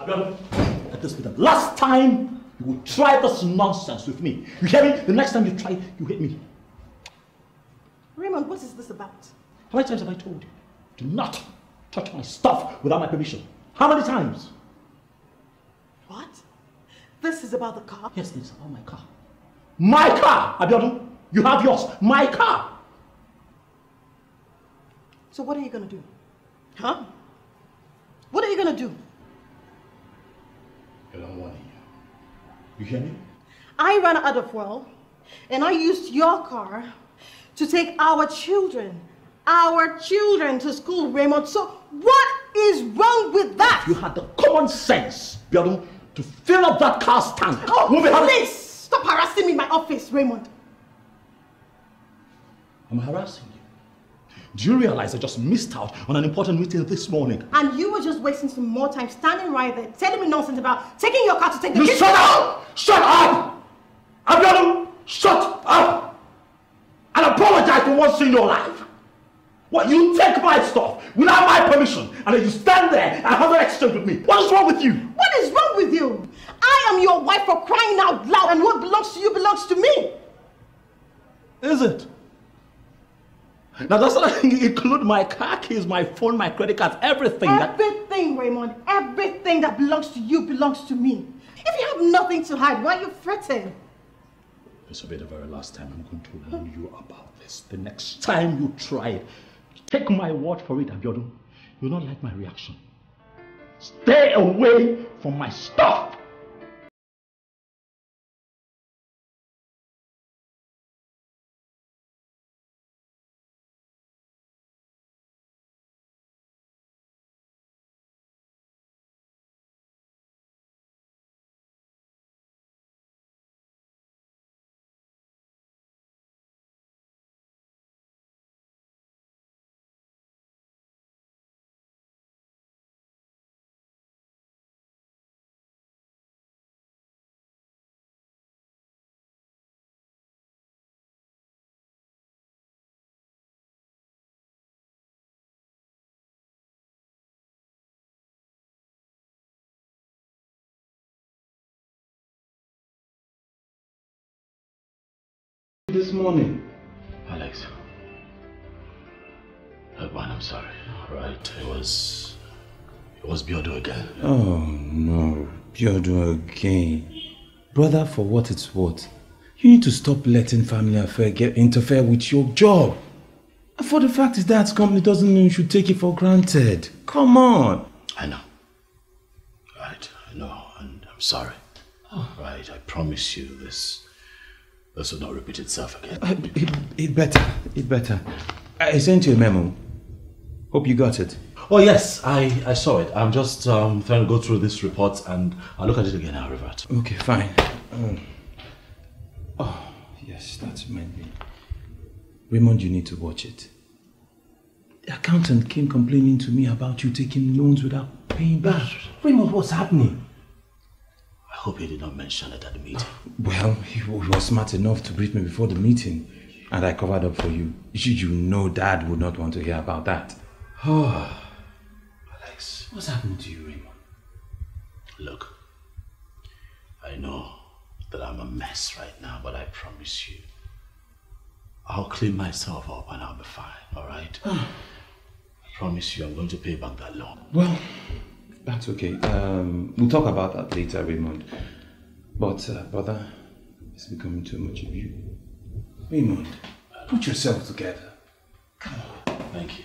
At this with the last time you will try this nonsense with me. You hear me? The next time you try, you hit me. Raymond, what is this about? How many times have I told you? Do not touch my stuff without my permission. How many times? What? This is about the car? Yes, it's about my car. My car, Abiodun! You have yours, my car! So what are you gonna do? Huh? What are you gonna do? I'm you. You hear me? I ran out of well, and I used your car to take our children, our children to school, Raymond. So what is wrong with that? You had the common sense, Biodun, to fill up that car stand. Oh, we please, stop harassing me in my office, Raymond. I'm harassing you. Do you realize I just missed out on an important meeting this morning? And you were just wasting some more time standing right there, telling me nonsense about taking your car to take the you kids- shut up! Shut up! to shut up! And apologize for once in your life. What, you take my stuff without my permission, and then you stand there and have an exchange with me. What is wrong with you? What is wrong with you? I am your wife for crying out loud, and what belongs to you belongs to me. Is it? Now that's not include my car keys, my phone, my credit cards, everything. Everything, that... Raymond. Everything that belongs to you belongs to me. If you have nothing to hide, why are you fretting? This will be the very last time I'm going to warn you about this. The next time you try it, take my word for it, Abiodun. You'll not like my reaction. Stay away from my stuff! this morning. Alex. Herban, I'm sorry. Right, it was... It was Biodo again. Oh, no. Biodo again. Brother, for what it's worth, you need to stop letting family affair get interfere with your job. And for the fact is that company doesn't mean you should take it for granted. Come on. I know. Right, I know, and I'm sorry. Oh. Right, I promise you this. This will not repeat itself again. Uh, it, it better. It better. Uh, I sent you a memo. Hope you got it. Oh yes, I, I saw it. I'm just um, trying to go through this report and I'll look at it again I'll revert. Okay, fine. Um, oh, yes, that's my me. Raymond, you need to watch it. The accountant came complaining to me about you taking loans without paying back. Raymond, what's happening? hope he did not mention it at the meeting. Well, he was smart enough to brief me before the meeting, and I covered up for you. You, know Dad would not want to hear about that. Oh, Alex, what's happened to you, Raymond? Look, I know that I'm a mess right now, but I promise you, I'll clean myself up and I'll be fine, all right? I promise you, I'm going to pay back that loan. Well, that's okay. Um, we'll talk about that later, Raymond. But, uh, brother, it's becoming too much of you. Raymond, put yourself together. Come on. Thank you.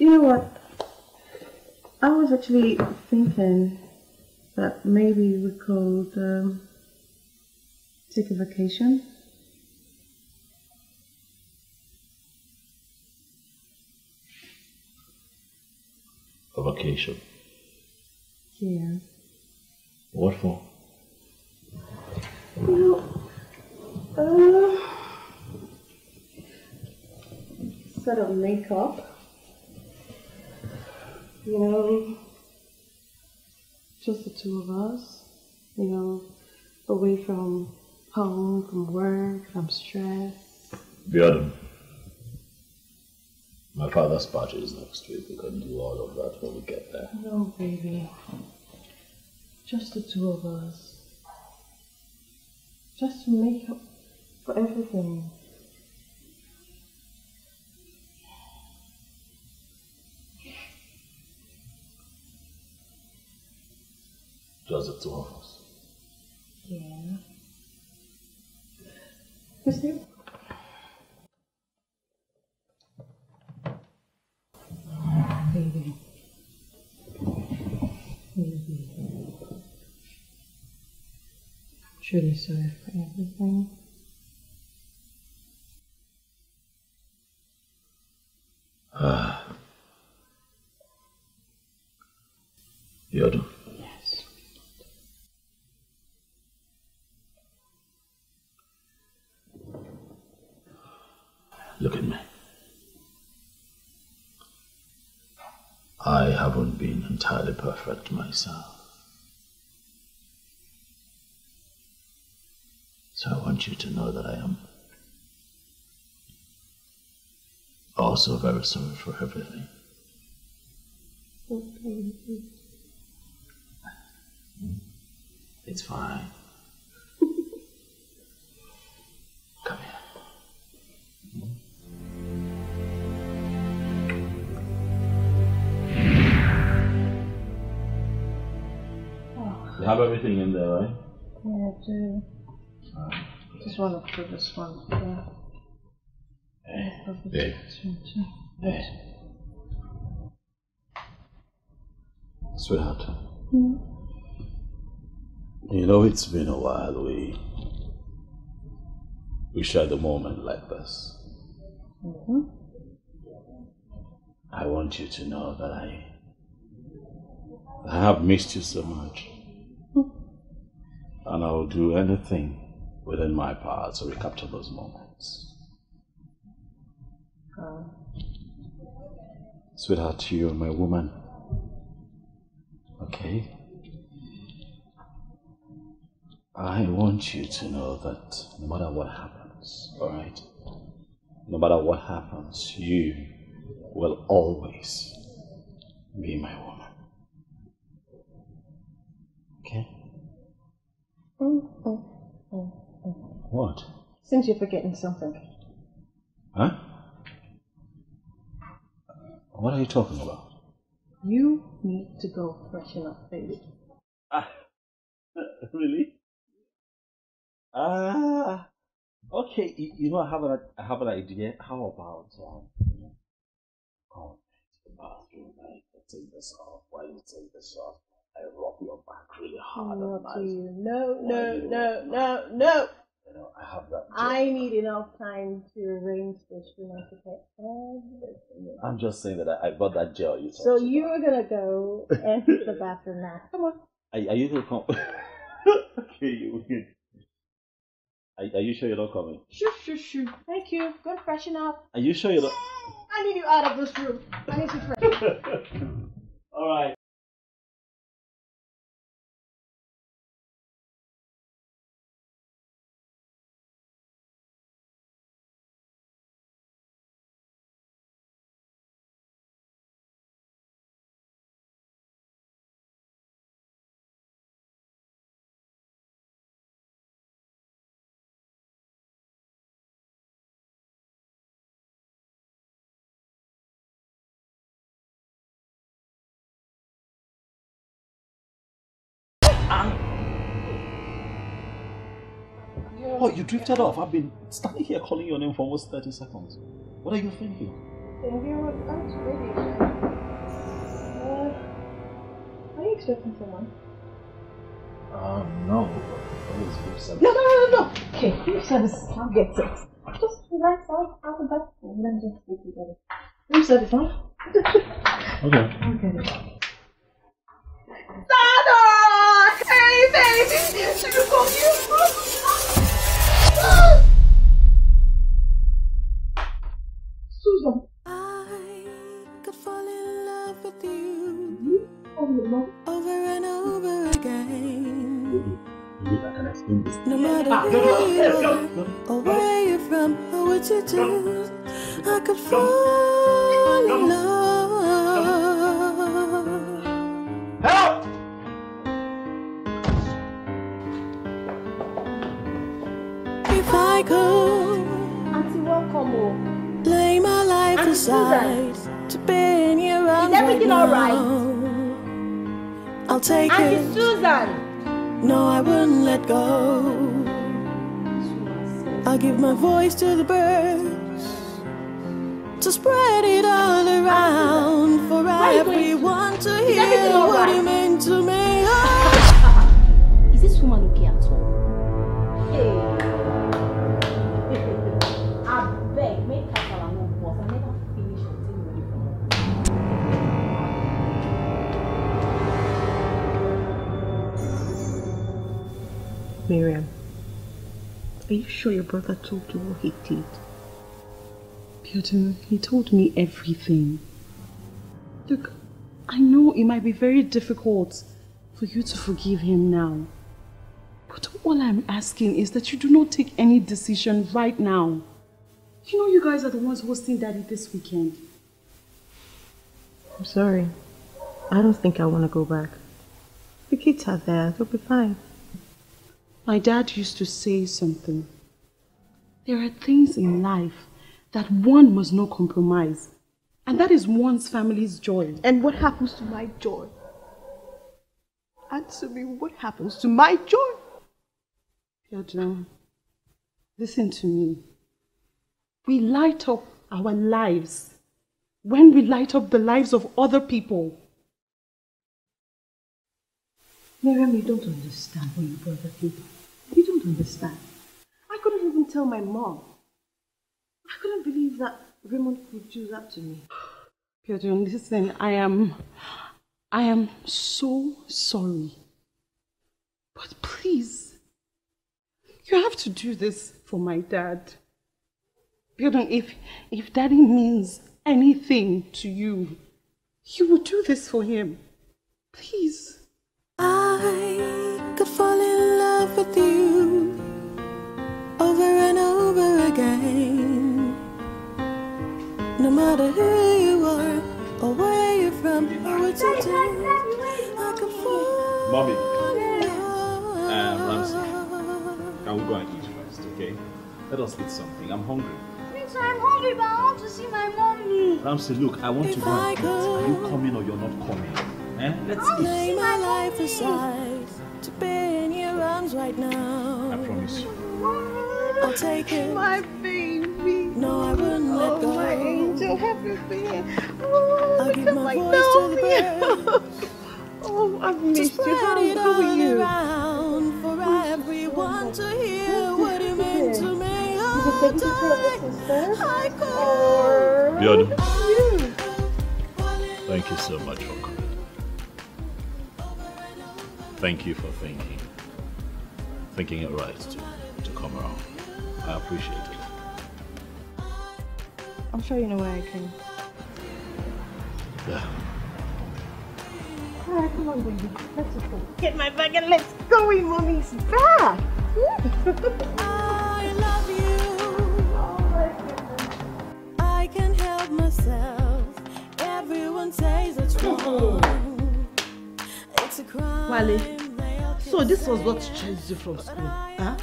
You know what? I was actually thinking that maybe we could um, take a vacation. A vacation? Yeah. What for? You know, uh, sort of make up you know, just the two of us, you know, away from home, from work, from stress. Björn, my father's party is next week. We can do all of that when we get there. No, baby. Just the two of us. Just to make up for everything. just the two of us. Yeah. Who's there? Baby. Baby. I'm truly sorry for everything. Ah. Yodel. Look at me. I haven't been entirely perfect myself. So I want you to know that I am also very sorry for everything. It's fine. Come here. You have everything in there, right? Yeah, I do. Right. Just want to put this one there. Yeah. There. Sweetheart. Hmm? You know, it's been a while we we shared a moment like this. Mm -hmm. I want you to know that I I have missed you so much and I will do anything within my power to recapture those moments. Oh. Sweetheart, you are my woman. Okay? I want you to know that no matter what happens, alright? No matter what happens, you will always be my woman. Okay? what? Since you're forgetting something. Huh? What are you talking about? You need to go freshen up, baby. Ah, really? Ah, okay. You, know, I have an I have an idea. How about um, you come to the bathroom? I take this off. Why you take this off? I rub your back really hard Not and nice. You. No, no, no, no, no, no. You know, I have that. Job. I need enough time to arrange this for my everything. Oh, I'm just saying that I, I bought that gel. You so you are gonna go and the bathroom now. Come on. Are, are you gonna come? okay, you win. Are, are you sure you're not coming? Shoo, shoo, shoo. Thank you. Go and freshen up. Are you sure you're not? I need you out of this room. I need to freshen. All right. Oh, you drifted off. I've been standing here calling your name for almost 30 seconds. What are you thinking? Thinking that's really. Uh, are you expecting someone? Um, no. What is beef service? No, no, no, no, no! Okay, beef service. I'll get it. Just relax out, out of that. Let me just speak together. Beef service, huh? okay. Okay. Dada! Hey, baby! Should you call you? Susan. I could fall in love with you over and over again. No matter where you are where you're from or what you do, I could fall in love. Help! If I could. Auntie, welcome home. Oh and Susan. To be Is everything all right? I'll take Auntie it. Susan. No, I wouldn't let go. I'll give my voice to the birds to spread it all around for everyone to hear what right? you mean to me. Oh. Miriam, Are you sure your brother told you what he did? Piotr, he told me everything. Look, I know it might be very difficult for you to forgive him now. But all I'm asking is that you do not take any decision right now. You know you guys are the ones hosting daddy this weekend. I'm sorry. I don't think I want to go back. The kids are there. They'll be fine. My dad used to say something. There are things in life that one must not compromise. And that is one's family's joy. And what happens to my joy? Answer me, what happens to my joy? Piedra, listen to me. We light up our lives when we light up the lives of other people. Miriam, you don't understand what you brother people couldn't understand. I couldn't even tell my mom. I couldn't believe that Raymond could do that to me. Piotr, listen, I am. I am so sorry. But please, you have to do this for my dad. Piotr, if, if daddy means anything to you, you will do this for him. Please. I could fall in love with you. matter who you are or where you're from or what you do. I can fall. Mommy. Um, uh, Ramsey. I will go and eat first, okay? Let us eat something. I'm hungry. I'm hungry, but I want to see my mommy. Ramsey, look, I want to go and eat. Are you coming or you're not coming? Eh? Let's I'll eat. my life aside to be in your arms right now. I promise you. I'll take it. My baby. No, I wouldn't oh, let go i have you seen? Oh, I give my like, voice no, to the birds. oh, I've missed you. How, how are you? Around for everyone to hear what you mean to me. Oh, Björn, thank you so much for coming. Thank you for thinking, thinking it right to, to come around. I appreciate it. I'm show you know way I can. Yeah. Alright, come on, baby. Let's go. Get my bag and let's go in mommy's back. Ah! I love you. Oh I can help myself. Everyone says it's wrong. it's a crime. Wale, so this was what changed you from school, huh?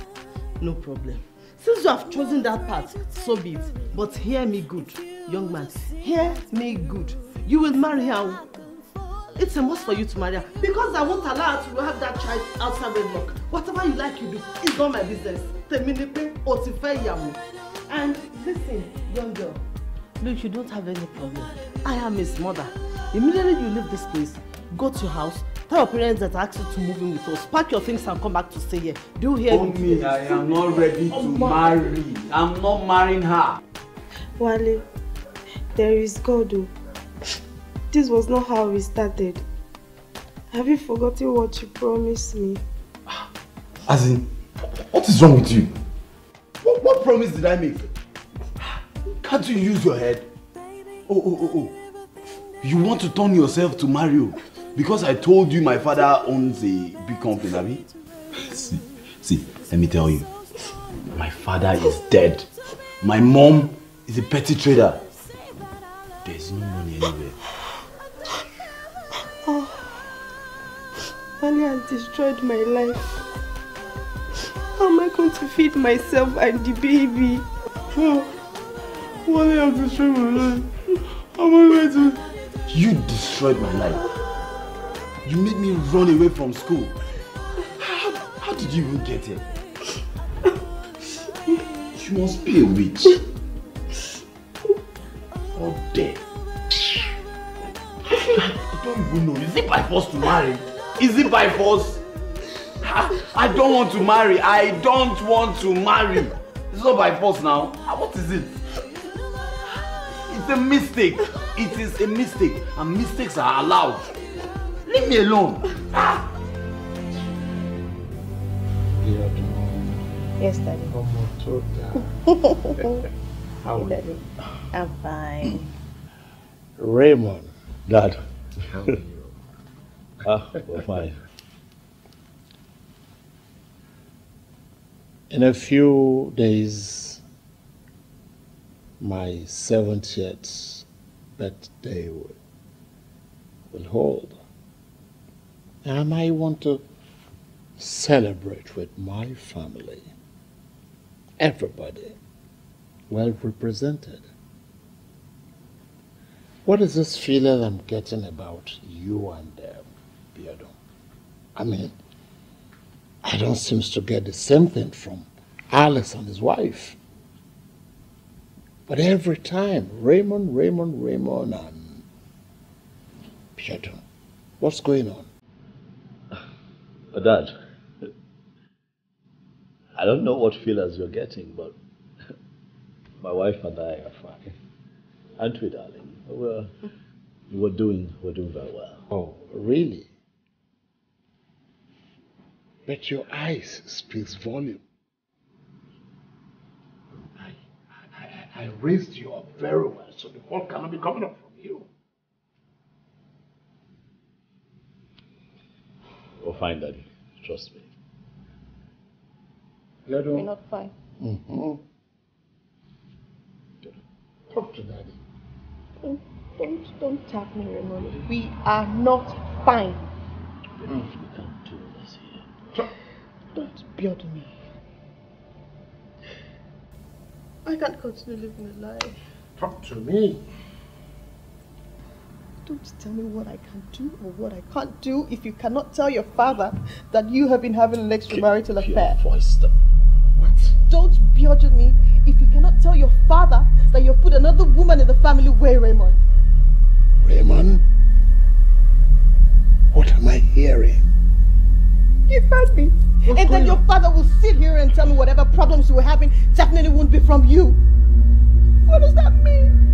No problem. Since you have chosen that path, so be it. But hear me good, young man. Hear me good. You will marry her. It's a must for you to marry her because I won't allow her to have that child outside wedlock. Whatever you like, you do. It's not my business. Teminipe otife yamu. And listen, young girl. Look, you don't have any problem. I am his mother. Immediately you leave this place, go to your house, Tell your parents that I ask you to move in with us. Pack your things and come back to stay here. Do you hear oh, me? me? I am not ready oh, to ma marry. I'm not marrying her. Wale, there is God. Oh. This was not how we started. Have you forgotten what you promised me? As in, what is wrong with you? What, what promise did I make? Can't you use your head? Oh, oh, oh, oh. You want to turn yourself to Mario? Because I told you my father owns a big company, Abby. See, see, let me tell you. My father is dead. My mom is a petty trader. There's no money anywhere. Oh, Ali has destroyed my life. How am I going to feed myself and the baby? Oh, Ali has destroyed my life. How am I going to... You destroyed my life. You made me run away from school. How, how did you even get here? She must be a witch. Or dead. I don't even know. Is it by force to marry? Is it by force? I don't want to marry. I don't want to marry. It's not by force now. Ah, what is it? It's a mistake. It is a mistake. And mistakes are allowed. Leave me alone. Ah. Yes, Daddy. How are you? I'm fine. Raymond, Dad. How are you? ah, we're fine. In a few days, my 70th birthday will, will hold. I I want to celebrate with my family. Everybody well represented. What is this feeling I'm getting about you and them, Beardo? I mean, I don't seem to get the same thing from Alice and his wife. But every time, Raymond, Raymond, Raymond, and Beardo, what's going on? But Dad, I don't know what feelers you're getting, but my wife and I are fine. Aren't we, darling? We're, we're doing we're doing very well. Oh, really? But your eyes speaks volume. I, I, I raised you up very well, so the fault cannot be coming up from you. or find that. Trust me. You We're not fine. Mm-hmm. Talk to daddy. Don't, don't, don't tap me, Ramon. We are not fine. Mm. We can't do this here. Don't bother me. I can't continue living a life. Talk to me. Don't tell me what I can do or what I can't do if you cannot tell your father that you have been having an extramarital Keep affair. Your voice What? Don't begrudge me if you cannot tell your father that you've put another woman in the family way, Raymond. Raymond? What am I hearing? You heard me. What's and then your on? father will sit here and tell me whatever problems you were having definitely won't be from you. What does that mean?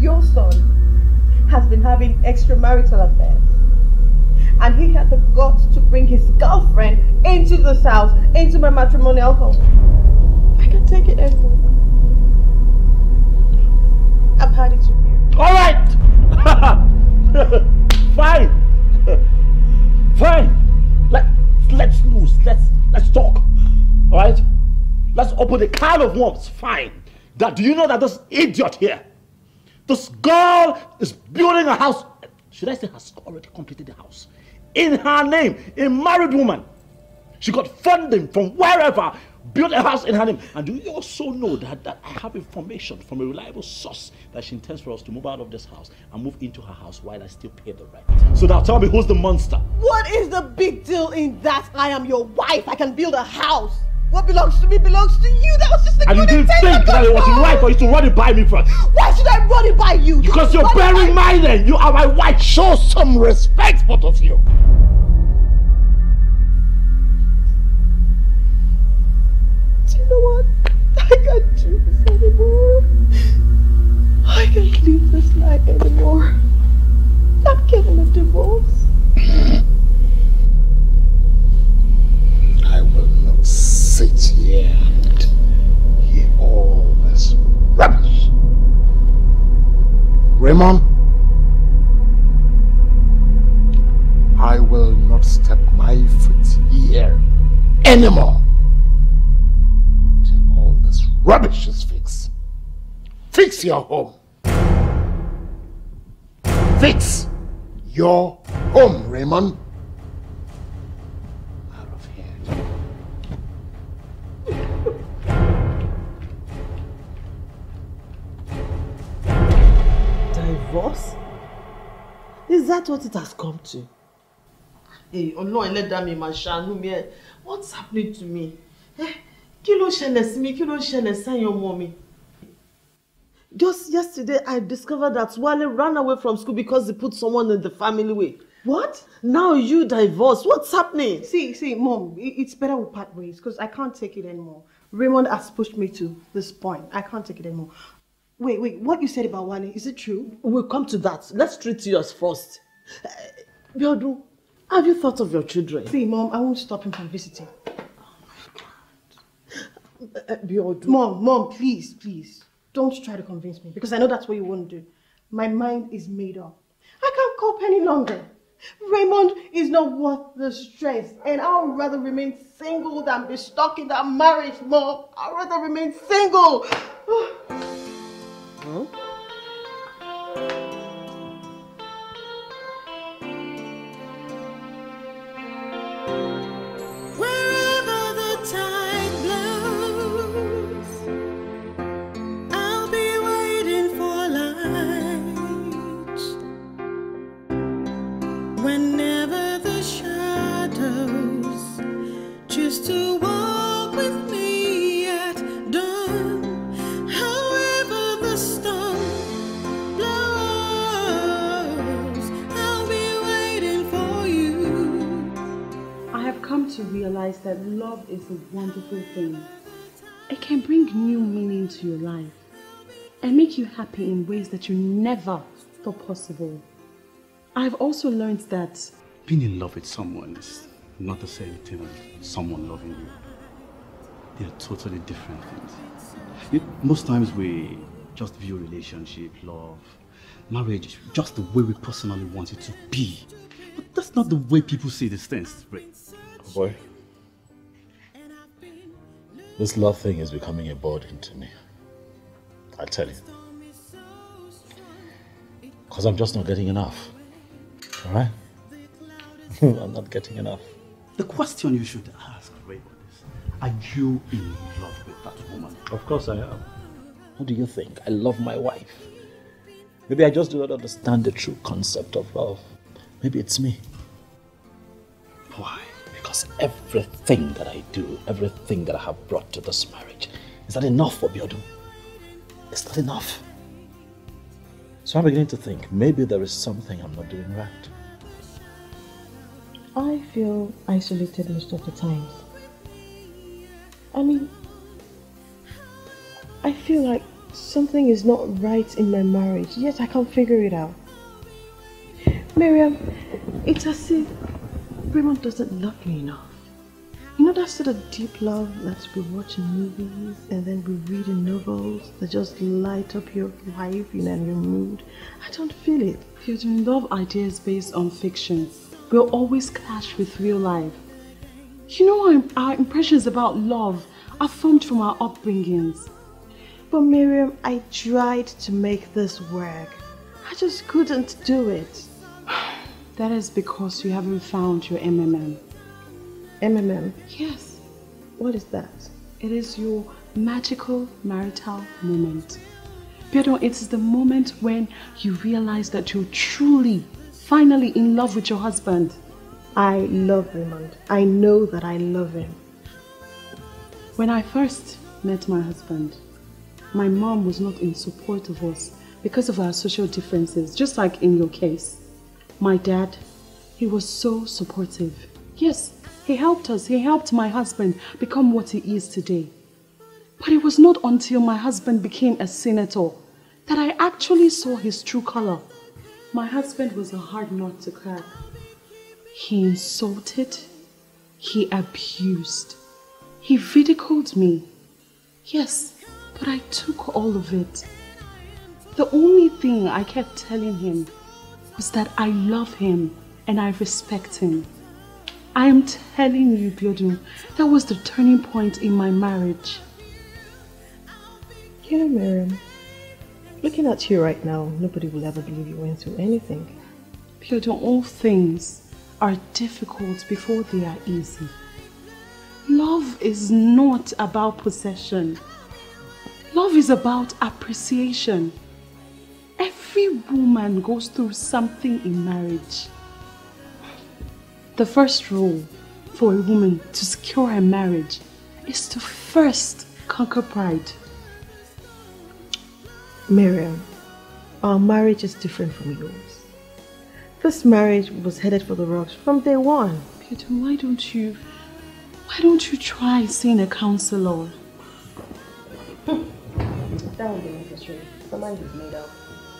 Your son has been having extramarital affairs. And he has got to bring his girlfriend into this house, into my matrimonial home. I can take it anymore. I've had it to you. Alright! Fine! Fine! Let, let's lose. Let's let's talk. Alright? Let's open the can of worms. Fine. That do you know that this idiot here this girl is building a house. Should I say has already completed the house? In her name, a married woman. She got funding from wherever, built a house in her name. And do you also know that, that I have information from a reliable source that she intends for us to move out of this house and move into her house while I still pay the rent? So now tell me who's the monster? What is the big deal in that? I am your wife. I can build a house. What belongs to me belongs to you. That was just the And you didn't think that it was right for you to run it by me first. Why should I run it by you? Because you're bearing my name. You are my wife. Show some respect, both of you. Do you know what? I can't do this anymore. I can't live this life anymore. I'm getting a divorce. Come I will not step my foot here anymore until all this rubbish is fixed. Fix your home. Fix your home, Raymond. divorce? Is that what it has come to? Hey, Ọlọ́run ẹlẹ́dàá mi máa ṣàánú mi ẹ̀. What's happening to me? Eh, kí ló ṣẹlẹ̀ sí mi? Kí mommy. Just yesterday, I discovered that Wale ran away from school because he put someone in the family way. What? Now you divorce. What's happening? See, see, Mom, it's better we part ways because I can't take it anymore. Raymond has pushed me to this point. I can't take it anymore. Wait, wait, what you said about Wani, is it true? We'll come to that. Let's treat yours first. Uh, have you thought of your children? See, Mom, I won't stop him from visiting. Uh, Mom, Mom, please, please. Don't try to convince me because I know that's what you won't do. My mind is made up. I can't cope any longer. Raymond is not worth the stress and I would rather remain single than be stuck in that marriage, Mom. I'd rather remain single. Uhum. realize that love is a wonderful thing. It can bring new meaning to your life and make you happy in ways that you never thought possible. I've also learned that being in love with someone is not the same thing as someone loving you. They are totally different things. most times we just view relationship, love, marriage, just the way we personally want it to be. But that's not the way people see these things, right? boy. This love thing is becoming a burden to me. I tell you. Because I'm just not getting enough. Alright? I'm not getting enough. The question you should ask, Raymond, is Are you in love with that woman? Of course I am. What do you think? I love my wife. Maybe I just do not understand the true concept of love. Maybe it's me. Why? Because everything that I do, everything that I have brought to this marriage, is that enough for Biodu? Is that enough? So I'm beginning to think maybe there is something I'm not doing right. I feel isolated most of the time. I mean, I feel like something is not right in my marriage, yet I can't figure it out. Miriam, it's as if Everyone doesn't love me enough. You know that sort of deep love that we watch in movies and then we read in novels that just light up your life you know, and your mood? I don't feel it. Filtering love ideas based on fiction will always clash with real life. You know, our, our impressions about love are formed from our upbringings. But Miriam, I tried to make this work. I just couldn't do it. That is because you haven't found your MMM. MMM? Yes. What is that? It is your magical marital moment. Pedro, it is the moment when you realize that you're truly, finally in love with your husband. I love Raymond. I know that I love him. When I first met my husband, my mom was not in support of us because of our social differences, just like in your case. My dad, he was so supportive. Yes, he helped us. He helped my husband become what he is today. But it was not until my husband became a senator that I actually saw his true color. My husband was a hard nut to crack. He insulted, he abused, he ridiculed me. Yes, but I took all of it. The only thing I kept telling him that I love him and I respect him. I am telling you, Biodun, that was the turning point in my marriage. You Miriam, looking at you right now, nobody will ever believe you went through anything. Biodun, all things are difficult before they are easy. Love is not about possession. Love is about appreciation. Every woman goes through something in marriage. The first rule for a woman to secure her marriage is to first conquer pride. Miriam, our marriage is different from yours. This marriage was headed for the rocks from day one. Peter, why don't you, why don't you try seeing a counselor? that would be necessary. The mind is made up.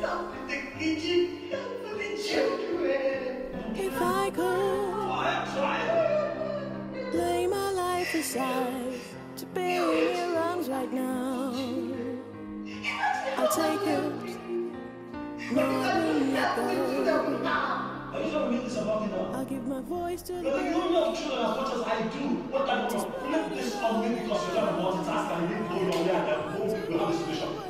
Stop with the kitchen for the children. If I could lay my life aside to be in your arms right now, I'll take it. No, I'll give my voice to the You love children as much as I do. What you of flip this on me because you don't want it? Ask and you go your way and then boom, you have a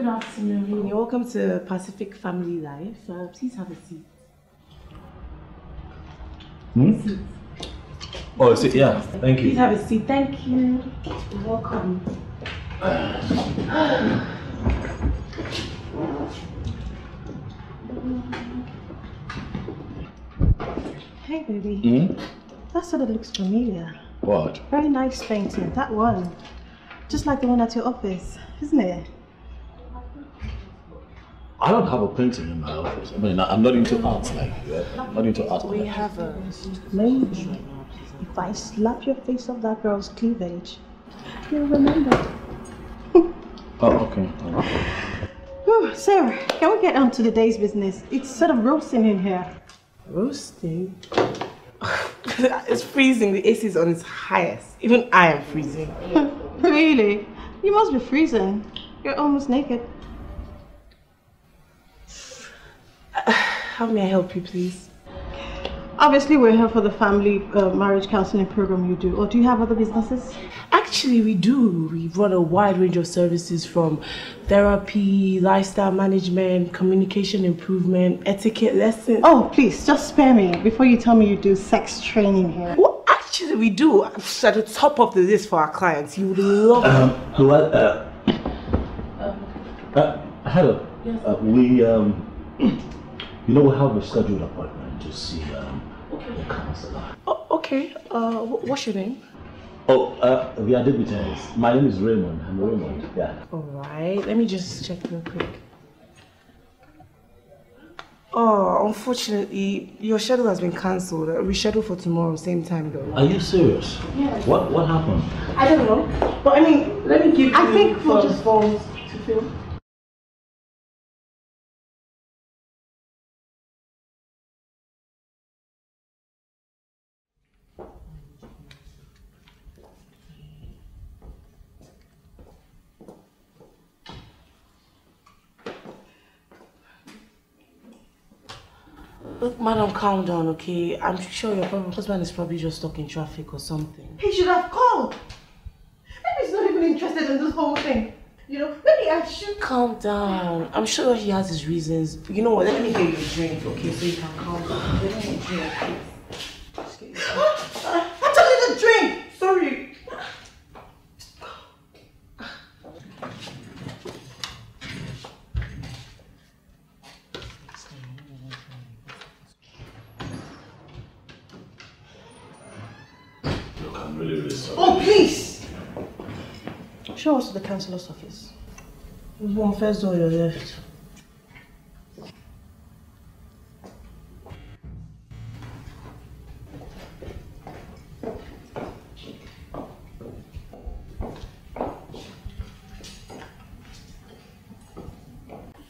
Good afternoon. you welcome to Pacific Family Life. Uh, please have a seat. Hmm? Seat. Oh, seat, yeah. Thank you. Please have a seat. Thank you. welcome. hey, baby. Mm? That sort of looks familiar. What? Very nice painting. That one. Just like the one at your office, isn't it? I don't have a painting in my office. I mean, I'm not into art like you. I'm not into art. We have a lady. If I slap your face off that girl's cleavage, you'll remember. oh, okay. okay. Whew, Sarah, can we get on to the day's business? It's sort of roasting in here. Roasting? it's freezing. The AC is on its highest. Even I am freezing. really? You must be freezing. You're almost naked. How may I help you, please? Obviously, we're here for the family uh, marriage counseling program you do. Or do you have other businesses? Actually, we do. We run a wide range of services from therapy, lifestyle management, communication improvement, etiquette lessons. Oh, please, just spare me before you tell me you do sex training here. Well, actually, we do. It's at the top of the list for our clients. You would love um, Well, uh, um, uh, hello. Yes. Uh, we, um, you know, we have a scheduled appointment to see um, the counselor. Oh, okay. Uh, what's your name? Oh, uh, we are deputies. My name is Raymond. I'm Raymond. Yeah. All right. Let me just check real quick. Oh, unfortunately, your schedule has been cancelled. Rescheduled uh, for tomorrow, same time though. Are you serious? Yes. What What happened? I don't know. But I mean, let me give. I think we'll just forms to fill. Madam, calm down, okay? I'm sure your husband is probably just stuck in traffic or something. He should have called. Maybe he's not even interested in this whole thing. You know, maybe I should... Calm down. I'm sure he has his reasons. You know what, let me get you a drink, okay? So you can calm down. Let me drink. show us to the councillor's office. Bon, first door your left.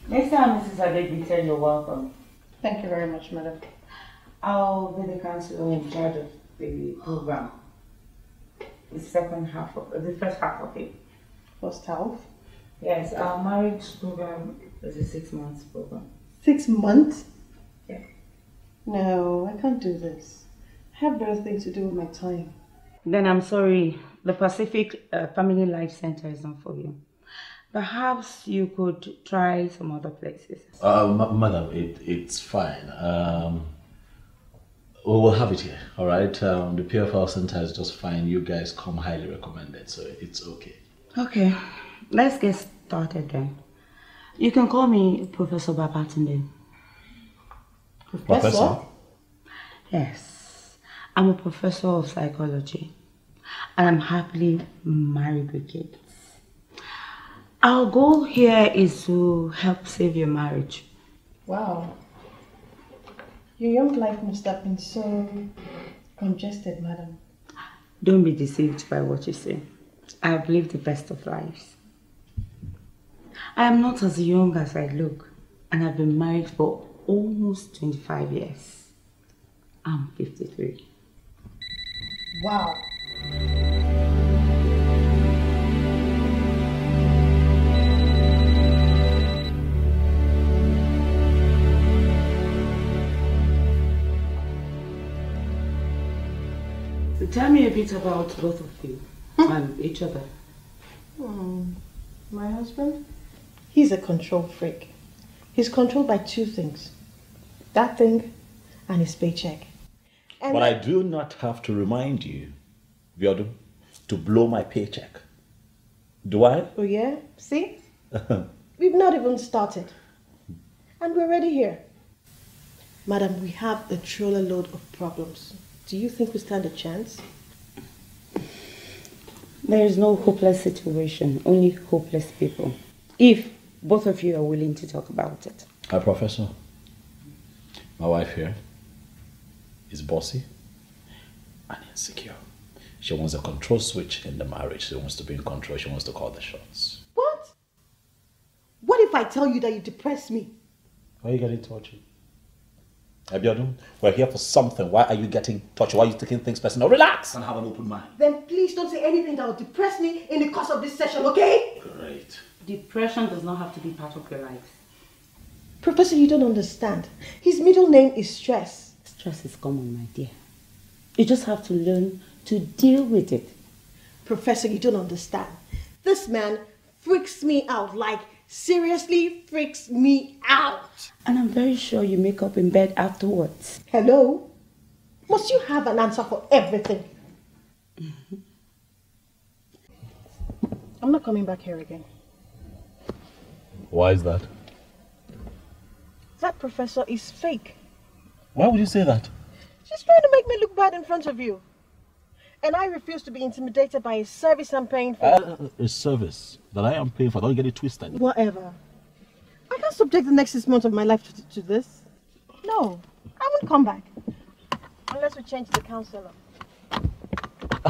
Next time, Mrs. Adegita, you're welcome. Thank you very much, madam. I'll be the councillor in charge of the program. The second half of the first half of it first half. Yes, our marriage program is a six months program. Six months? Yeah. No, I can't do this. I have better things to do with my time. Then I'm sorry, the Pacific uh, Family Life Center is not for you. Perhaps you could try some other places. Uh, ma madam, it, it's fine. Um, we'll have it here, all right? Um, the PFL Center is just fine. You guys come highly recommended, so it's okay. Okay, let's get started then. You can call me Professor Babatunde. Professor? professor? Yes, I'm a professor of psychology and I'm happily married with kids. Our goal here is to help save your marriage. Wow. Your young life must have been so congested, madam. Don't be deceived by what you see. I have lived the best of lives. I am not as young as I look and I've been married for almost 25 years. I'm 53. Wow. So tell me a bit about both of you and each other. Mm. My husband? He's a control freak. He's controlled by two things that thing and his paycheck. And but I do not have to remind you, Vyodu, to blow my paycheck. Do I? Oh, yeah. See? We've not even started. And we're already here. Madam, we have a troller load of problems. Do you think we stand a chance? There is no hopeless situation, only hopeless people. If both of you are willing to talk about it. Hi, Professor. My wife here is bossy and insecure. She wants a control switch in the marriage. She wants to be in control. She wants to call the shots. What? What if I tell you that you depress me? Why are you getting tortured? We're here for something. Why are you getting touchy? Why are you taking things personal? Relax and have an open mind. Then please don't say anything that will depress me in the course of this session, okay? Great. Depression does not have to be part of your life. Professor, you don't understand. His middle name is stress. Stress is common, my dear. You just have to learn to deal with it. Professor, you don't understand. This man freaks me out like seriously freaks me out. And I'm very sure you make up in bed afterwards. Hello? Must you have an answer for everything? I'm not coming back here again. Why is that? That professor is fake. Why would you say that? She's trying to make me look bad in front of you and I refuse to be intimidated by a service I'm paying for. Uh, a service that I am paying for. Don't get it twisted. Whatever. I can't subject the next six months of my life to, to this. No, I won't come back. Unless we change the counselor.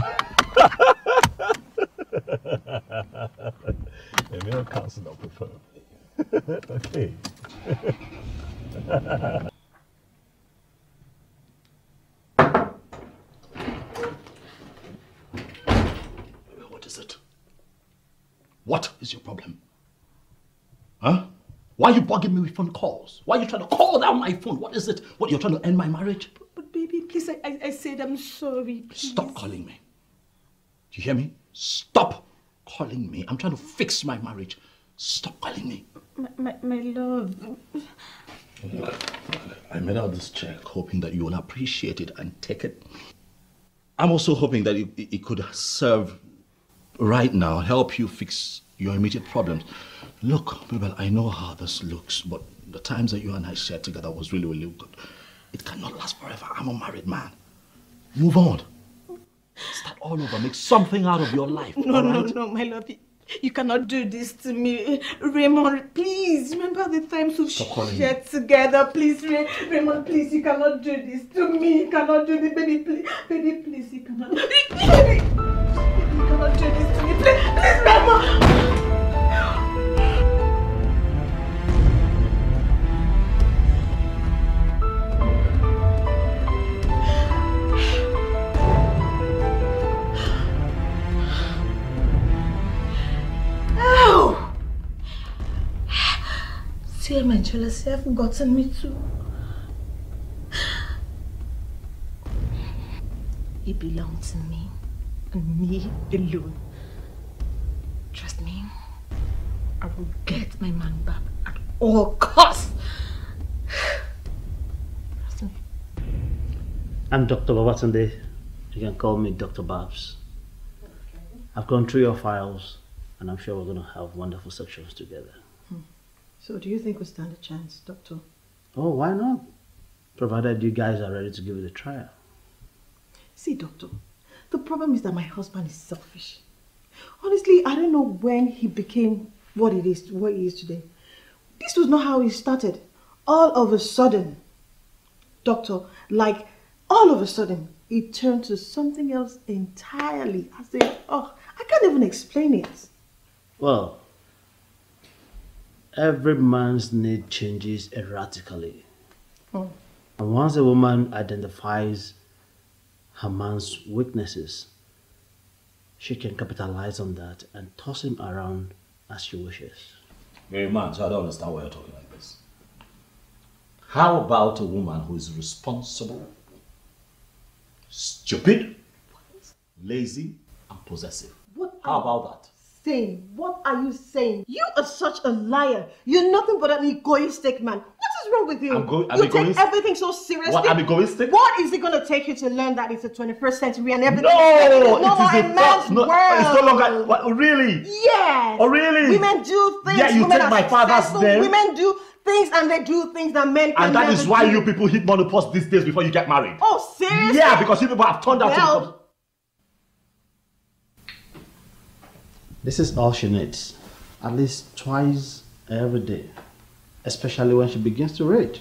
a real counselor preferred. okay. What is your problem? Huh? Why are you bugging me with phone calls? Why are you trying to call down my phone? What is it? What, you're trying to end my marriage? But, but baby, please, I, I, said I'm sorry, please. Stop calling me. Do you hear me? Stop calling me. I'm trying to fix my marriage. Stop calling me. My, my, my love. Look, I made out this check hoping that you will appreciate it and take it. I'm also hoping that it, it could serve right now, help you fix your immediate problems. Look, Mabel, I know how this looks, but the times that you and I shared together was really, really good. It cannot last forever. I'm a married man. Move on. Start all over. Make something out of your life. No, no, no, my love. You cannot do this to me. Raymond, please, remember the times we've shared together. Please, Ray Raymond, please, you cannot do this to me. You cannot do this. Baby, please. Baby, please, you cannot. Baby! cannot do this to me. Please, please, Mama. fear my jealousy have gotten me too. It belonged to me and me alone. Trust me, I will get my man back at all costs. Trust me. I'm Dr. Babatunde. You can call me Dr. Babs. I've gone through your files and I'm sure we're going to have wonderful sections together. Hmm. So do you think we stand a chance, Doctor? Oh, why not? Provided you guys are ready to give it a trial. See, Doctor, the problem is that my husband is selfish. Honestly, I don't know when he became what it is, what he is today. This was not how he started. All of a sudden, doctor, like all of a sudden, it turned to something else entirely. I said, oh, I can't even explain it. Well, every man's need changes erratically. Oh. And once a woman identifies her man's weaknesses, she can capitalize on that and toss him around as she wishes. Very I don't understand why you're talking like this. How about a woman who is responsible, stupid, lazy, and possessive? What? How about that? saying? What are you saying? You are such a liar. You're nothing but an egoistic man. What is wrong with you? I'm go- I'm you egoist- take everything so seriously. What, I'm egoistic? What is it going to take you to learn that it's the 21st century and everything? No! It's not it is a man's no, world. It's no longer... What, oh, really? Yes. Oh, really? Women do things. Yeah, you women take my father's death. Women do things and they do things that men can And that is why do. you people hit monopost these days before you get married. Oh, seriously? Yeah, because you people have turned out well, to... This is all she needs, at least twice every day, especially when she begins to read.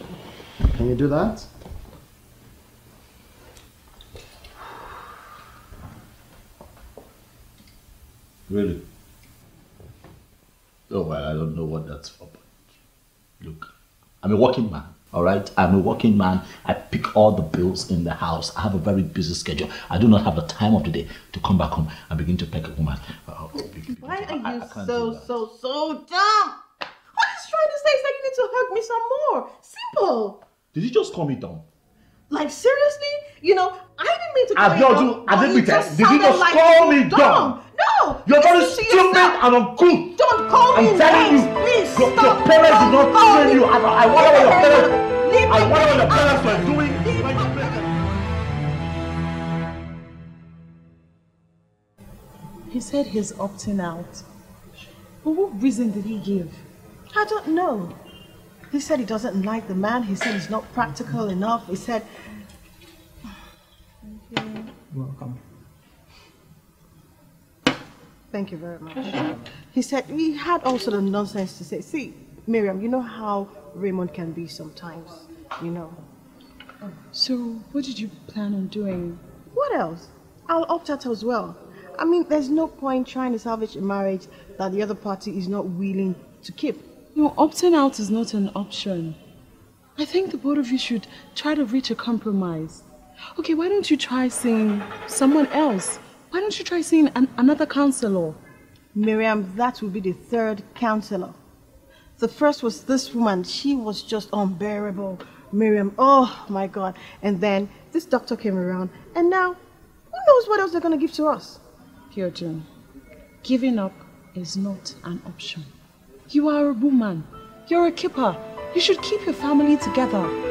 Can you do that? Really? Oh, well, I don't know what that's for, but look, I'm a working man. All right. I'm a working man. I pick all the bills in the house. I have a very busy schedule. I do not have the time of the day to come back home and begin to pick a woman. Uh, Why are you I so, so, so dumb? What he's trying to say is that you need to hug me some more. Simple. Did you just call me dumb? Like, seriously? You know, I didn't mean to call Abiodu, you dumb. Abiodu, did you just, did you just call me dumb. dumb. No! You're very stupid yourself. and uncouth. Don't call I'm me telling names, please. Your, stop. your parents Don't did not train you. I, I wonder what your parents. Leave I wonder what your parents were doing. He said he's opting out. But what reason did he give? I don't know. He said he doesn't like the man. He said he's not practical enough. He said... Thank you. Welcome. Thank you very much. he said, he had also the nonsense to say, see, Miriam, you know how Raymond can be sometimes, you know. So, what did you plan on doing? What else? I'll opt out as well. I mean, there's no point trying to salvage a marriage that the other party is not willing to keep. No, opting out is not an option. I think the both of you should try to reach a compromise. Okay, why don't you try seeing someone else? Why don't you try seeing an, another counselor? Miriam, that will be the third counselor. The first was this woman. She was just unbearable. Miriam, oh my God. And then this doctor came around, and now who knows what else they're going to give to us? Here, giving up is not an option. You are a woman. You're a keeper. You should keep your family together.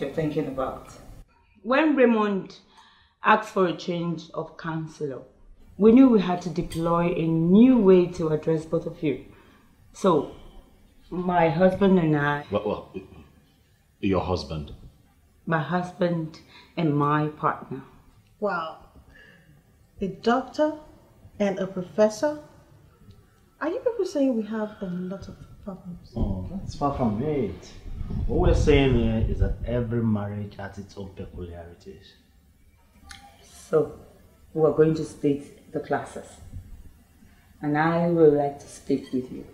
you're thinking about. When Raymond asked for a change of counselor. we knew we had to deploy a new way to address both of you. So, my husband and I. Well, well your husband. My husband and my partner. Wow. A doctor and a professor? Are you people saying we have a lot of problems? Oh, that's far from it. What we're saying here is that every marriage has its own peculiarities. So, we're going to split the classes. And I would like to speak with you,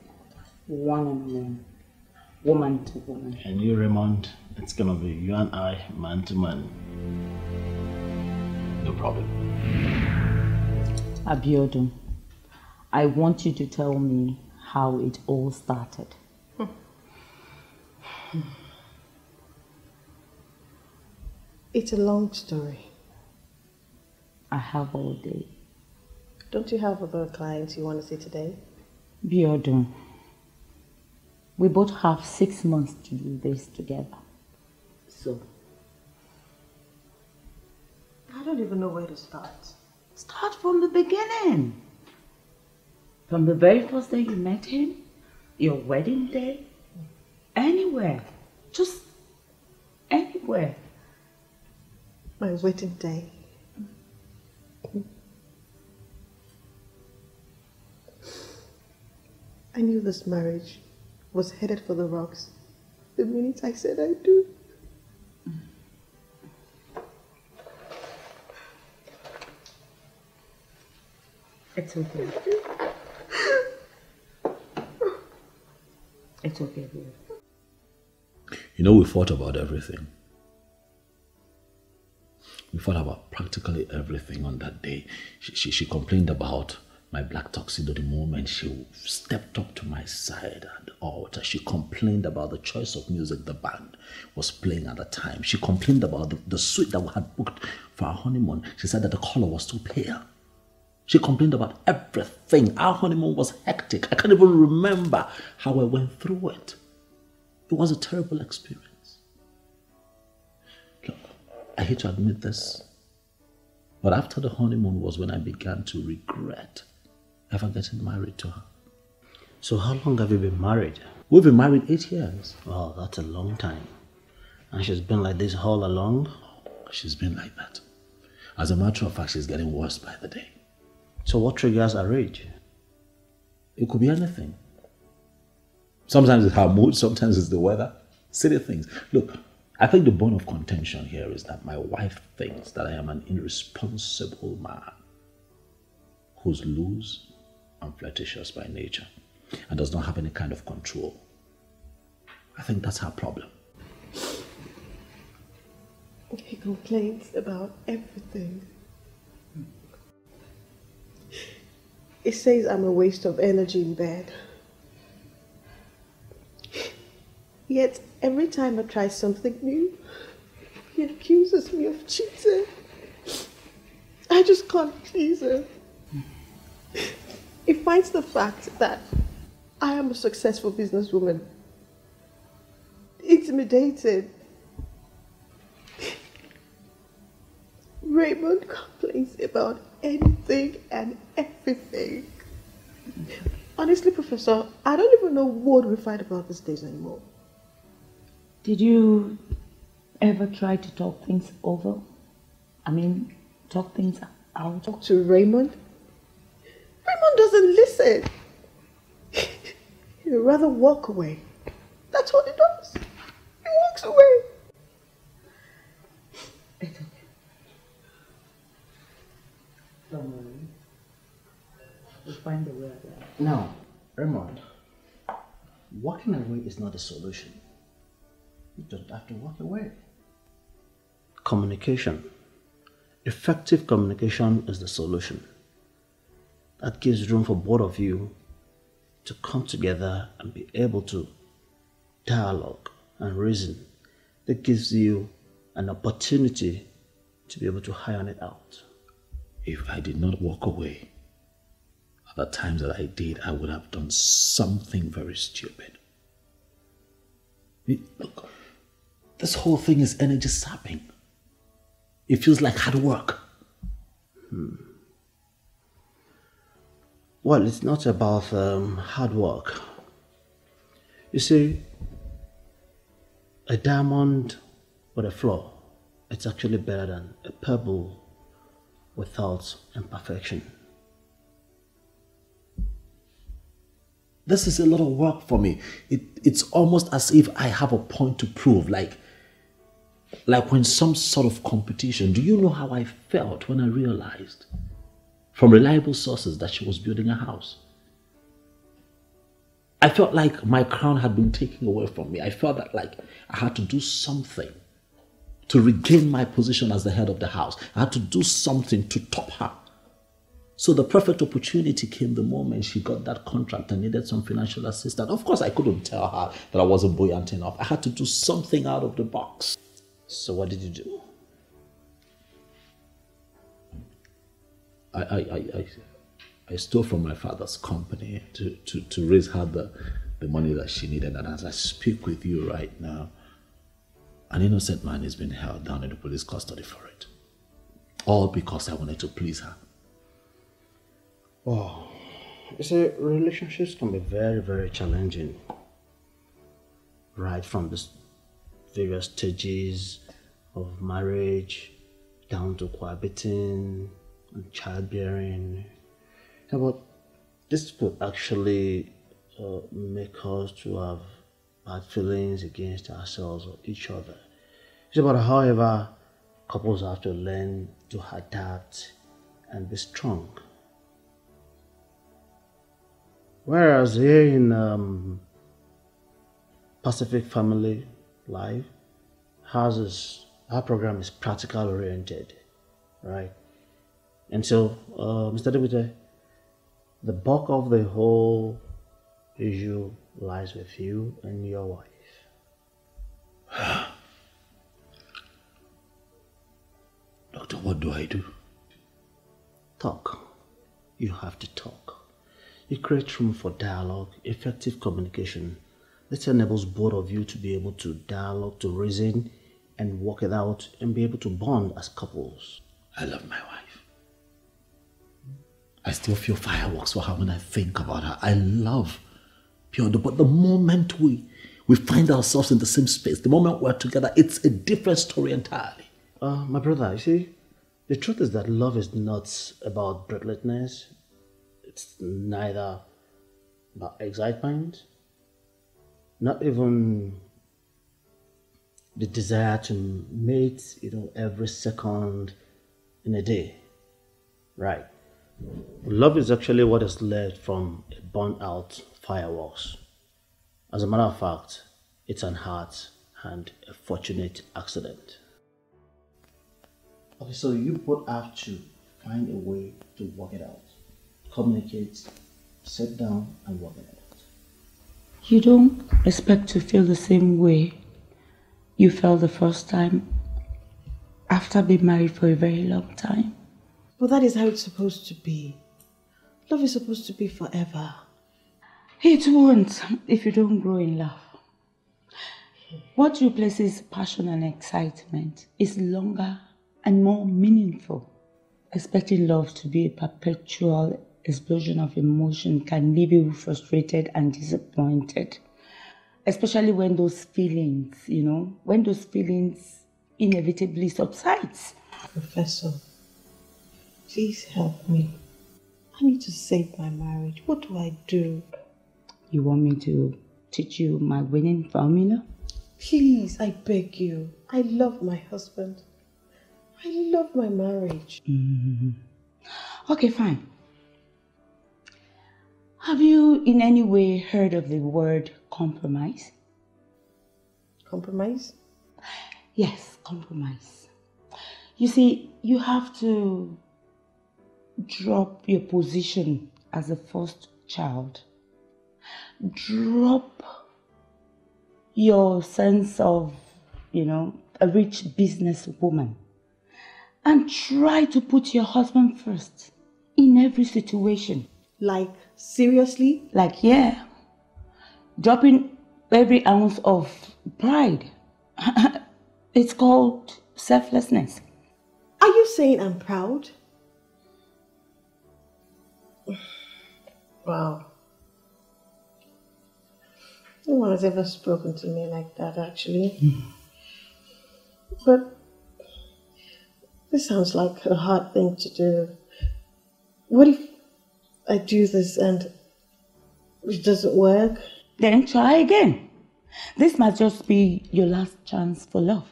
one on one, woman to woman. And you, Raymond, it's gonna be you and I, man to man. No problem. Abiodun, I want you to tell me how it all started. It's a long story. I have all day. Don't you have other clients you want to see today? Biodun, we both have six months to do this together. So? I don't even know where to start. Start from the beginning. From the very first day you met him, your wedding day, Anywhere. Just anywhere. My wedding day. I knew this marriage was headed for the rocks the minute I said I do. It's okay. It's okay, dear. You know, we fought about everything. We fought about practically everything on that day. She, she, she complained about my black tuxedo the moment she stepped up to my side at the altar. She complained about the choice of music the band was playing at the time. She complained about the, the suite that we had booked for our honeymoon. She said that the color was too pale. She complained about everything. Our honeymoon was hectic. I can't even remember how I went through it. It was a terrible experience. Look, I hate to admit this, but after the honeymoon was when I began to regret ever getting married to her. So how long have you been married? We've been married eight years. Wow, that's a long time. And she's been like this all along? She's been like that. As a matter of fact, she's getting worse by the day. So what triggers a rage? It could be anything. Sometimes it's our mood, sometimes it's the weather. Silly things. Look, I think the bone of contention here is that my wife thinks that I am an irresponsible man who's loose and flirtatious by nature and does not have any kind of control. I think that's her problem. He complains about everything. He says I'm a waste of energy in bed. Yet every time I try something new, he accuses me of cheating. I just can't please him. He finds the fact that I am a successful businesswoman. Intimidated. Raymond complains about anything and everything. Honestly, Professor, I don't even know what we fight about these days anymore. Did you ever try to talk things over? I mean, talk things out? Talk to Raymond? Raymond doesn't listen. He'd rather walk away. That's what he does. He walks away. It's okay. Don't worry. We'll find a way out. No, Raymond, walking away is not a solution. You just have to walk away. Communication. Effective communication is the solution. That gives room for both of you to come together and be able to dialogue and reason. That gives you an opportunity to be able to iron it out. If I did not walk away at the times that I did, I would have done something very stupid. look, this whole thing is energy sapping. It feels like hard work. Hmm. Well, it's not about um, hard work. You see, a diamond with a flaw, it's actually better than a pebble without imperfection. This is a lot of work for me. It, it's almost as if I have a point to prove. Like, like when some sort of competition. Do you know how I felt when I realized from reliable sources that she was building a house? I felt like my crown had been taken away from me. I felt that like I had to do something to regain my position as the head of the house. I had to do something to top her. So the perfect opportunity came the moment she got that contract and needed some financial assistance. Of course, I couldn't tell her that I wasn't buoyant enough. I had to do something out of the box. So what did you do? I, I, I, I stole from my father's company to, to, to raise her the, the money that she needed. And as I speak with you right now, an innocent man is being held down in the police custody for it. All because I wanted to please her. Oh, you see, relationships can be very, very challenging. Right from the various stages of marriage down to cohabiting and childbearing. Yeah, but this could actually uh, make us to have bad feelings against ourselves or each other. It's about however couples have to learn to adapt and be strong. Whereas here in um, Pacific family, life. houses. our program is practical oriented, right? And so, uh, Mr. Deputy, the bulk of the whole issue lies with you and your wife. Doctor, what do I do? Talk. You have to talk. You create room for dialogue, effective communication, it enables both of you to be able to dialogue, to reason, and work it out and be able to bond as couples. I love my wife. I still feel fireworks for her when I think about her. I love Piondo, but the moment we we find ourselves in the same space, the moment we're together, it's a different story entirely. Uh, my brother, you see, the truth is that love is not about breathlessness. It's neither about excitement not even the desire to mate, you know, every second in a day, right? Love is actually what is led from a burnt out fireworks. As a matter of fact, it's an heart and a fortunate accident. Okay, so you both have to find a way to work it out. Communicate, sit down and work it out you don't expect to feel the same way you felt the first time after being married for a very long time. But that is how it's supposed to be. Love is supposed to be forever. It won't if you don't grow in love. What replaces passion and excitement is longer and more meaningful. Expecting love to be a perpetual explosion of emotion can leave you frustrated and disappointed, especially when those feelings, you know, when those feelings inevitably subsides. Professor, please help me. I need to save my marriage. What do I do? You want me to teach you my winning formula? Please, I beg you. I love my husband. I love my marriage. Mm -hmm. Okay, fine. Have you in any way heard of the word compromise? Compromise? Yes, compromise. You see, you have to drop your position as a first child. Drop your sense of, you know, a rich businesswoman. And try to put your husband first in every situation. Like Seriously? Like, yeah. Dropping every ounce of pride. it's called selflessness. Are you saying I'm proud? Wow. No one has ever spoken to me like that, actually. But this sounds like a hard thing to do. What if I do this and it doesn't work. Then try again. This must just be your last chance for love.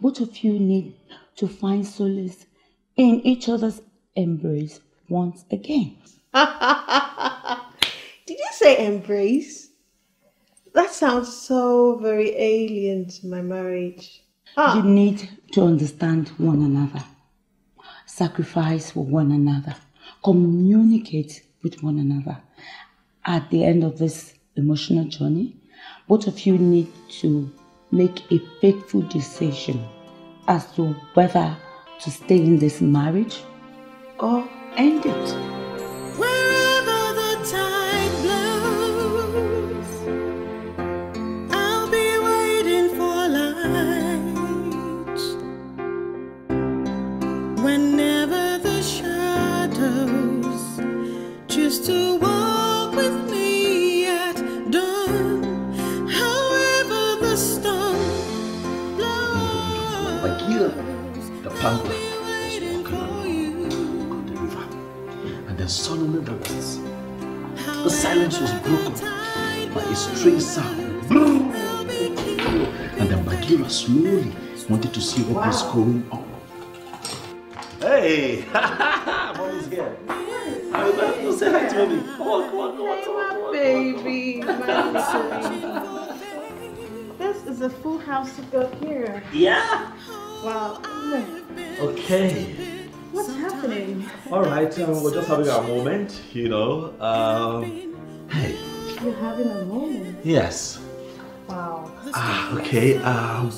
Both of you need to find solace in each other's embrace once again. Did you say embrace? That sounds so very alien to my marriage. Ah. You need to understand one another, sacrifice for one another communicate with one another. At the end of this emotional journey, both of you need to make a faithful decision as to whether to stay in this marriage or end it. Banquet was walking along the river, and then suddenly there was the silence was broken by a strange sound. And then Bagheera slowly wanted to see what wow. was going on. Hey! Mommy's here. How about you say hi to mommy? Come on, come on, come on, come on. Come on, baby, my baby. This is a full house to go here. Yeah? Wow. Okay. What's happening? All right, um, we're just having a moment, you know. Um, hey. You're having a moment? Yes. Wow. Ah, okay. Um,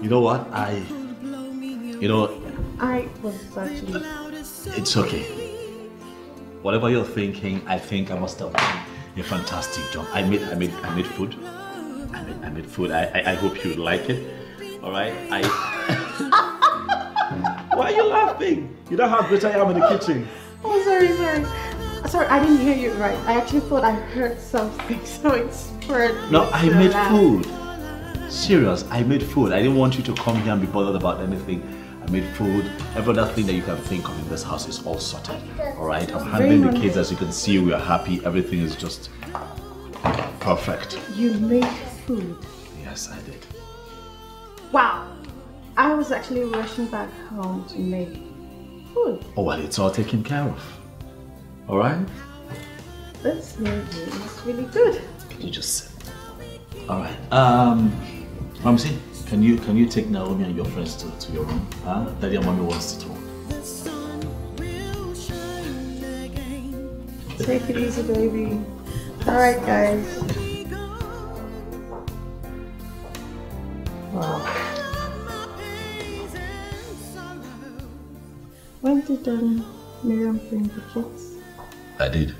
you know what? I, you know. I was actually. It's okay. Whatever you're thinking, I think I must have done a fantastic job. I made, I made, I made food. I made, I made food. I, I, I hope you like it. All right. I. Why are you laughing? You know how great I am in the kitchen. Oh, sorry, sorry. Sorry, I didn't hear you right. I actually thought I heard something, so it's spurred No, I made laugh. food. Serious, I made food. I didn't want you to come here and be bothered about anything. I made food. Every other thing that you can think of in this house is all sorted. All right, I'm handling the kids. As you can see, we are happy. Everything is just perfect. You made food. Yes, I did. Wow. I was actually rushing back home to make food. Oh, well, it's all taken care of. All right? This maybe is really good. Can you just sit? All right. Um, Ramsey, can you can you take Naomi and your friends to, to your room? Huh? Daddy and Mommy wants to talk. Take it easy, baby. All right, guys. Wow. When did um, Miriam bring the kids? I did.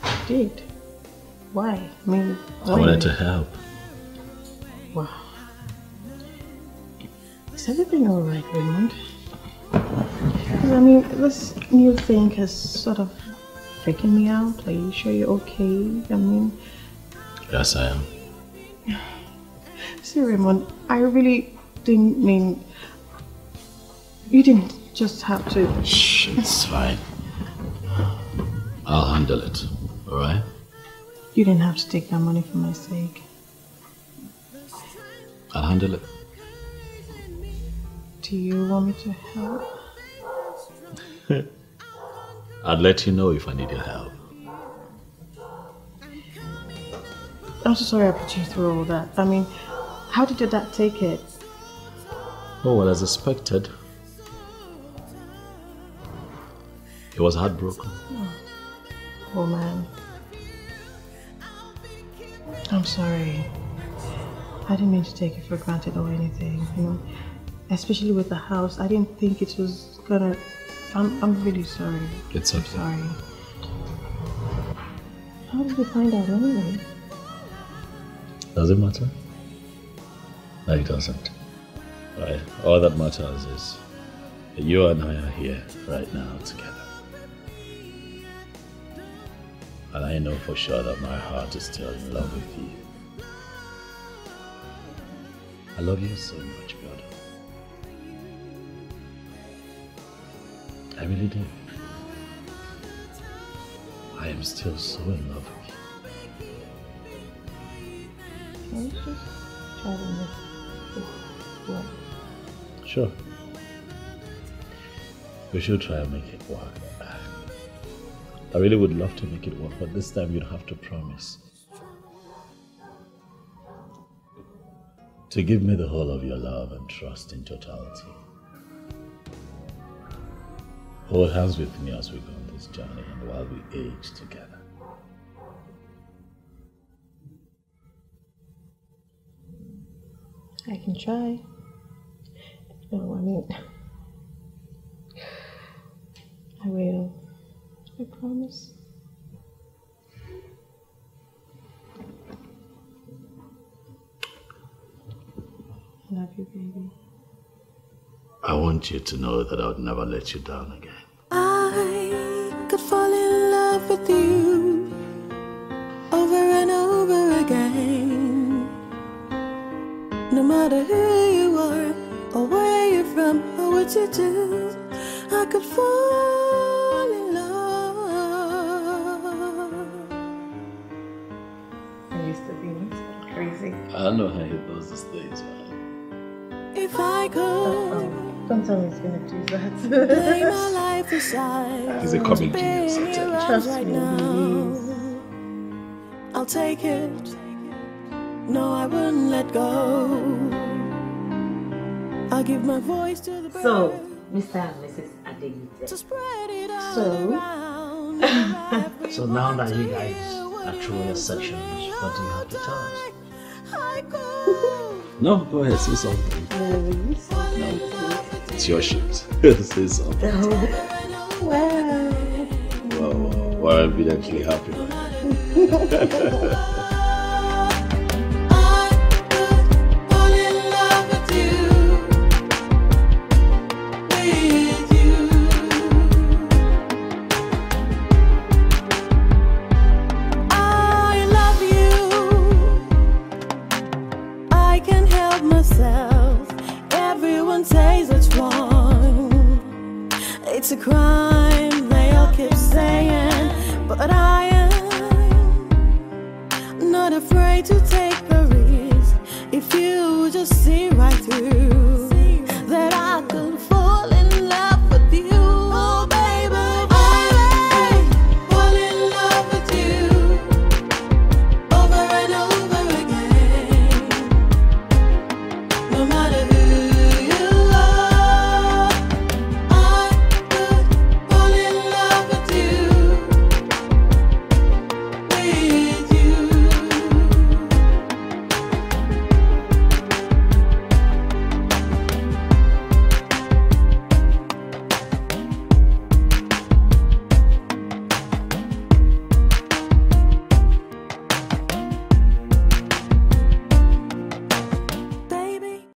You did? Why? I mean, why? I wanted to help. Wow. Is everything all right, Raymond? Because I mean, this new thing has sort of freaking me out. Are you sure you're okay? I mean, yes, I am. See, Raymond, I really didn't mean you didn't just have to. Shh, it's fine. I'll handle it, alright? You didn't have to take that money for my sake. I'll handle it. Do you want me to help? I'd let you know if I need your help. I'm so sorry I put you through all that. I mean, how did your dad take it? Oh, well, as expected. He was heartbroken. Oh, oh man. I'm sorry. I didn't mean to take it for granted or anything, you know. Especially with the house, I didn't think it was gonna. I'm, I'm really sorry. It's okay. I'm sorry. How did you find out anyway? Does it matter? No, it doesn't. Right. All that matters is that you and I are here right now together. and I know for sure that my heart is still in love with you. I love you so much, God. I really do. I am still so in love with you. you sure. We should try and make it work. I really would love to make it work, but this time you'd have to promise to give me the whole of your love and trust in totality. Hold hands with me as we go on this journey and while we age together. I can try. No, I mean, I will. I promise. I love you, baby. I want you to know that I would never let you down again. I could fall in love with you over and over again. No matter who you are or where you're from or what you do, I could fall. I know how he does these things, man. If I could. Don't tell me he's gonna do that. my he's a comic genius, I tell you. Trust right me. I'll take it. No, I wouldn't let go. I'll give my voice to the bird. So, Mr. and Mrs. Adegite. To spread it out so. so now that you guys are through your sections, what do you have to tell us? No, go ahead, say something. No, It's your shift. say something. Oh. Wow. Well, well, We're evidently happy, right?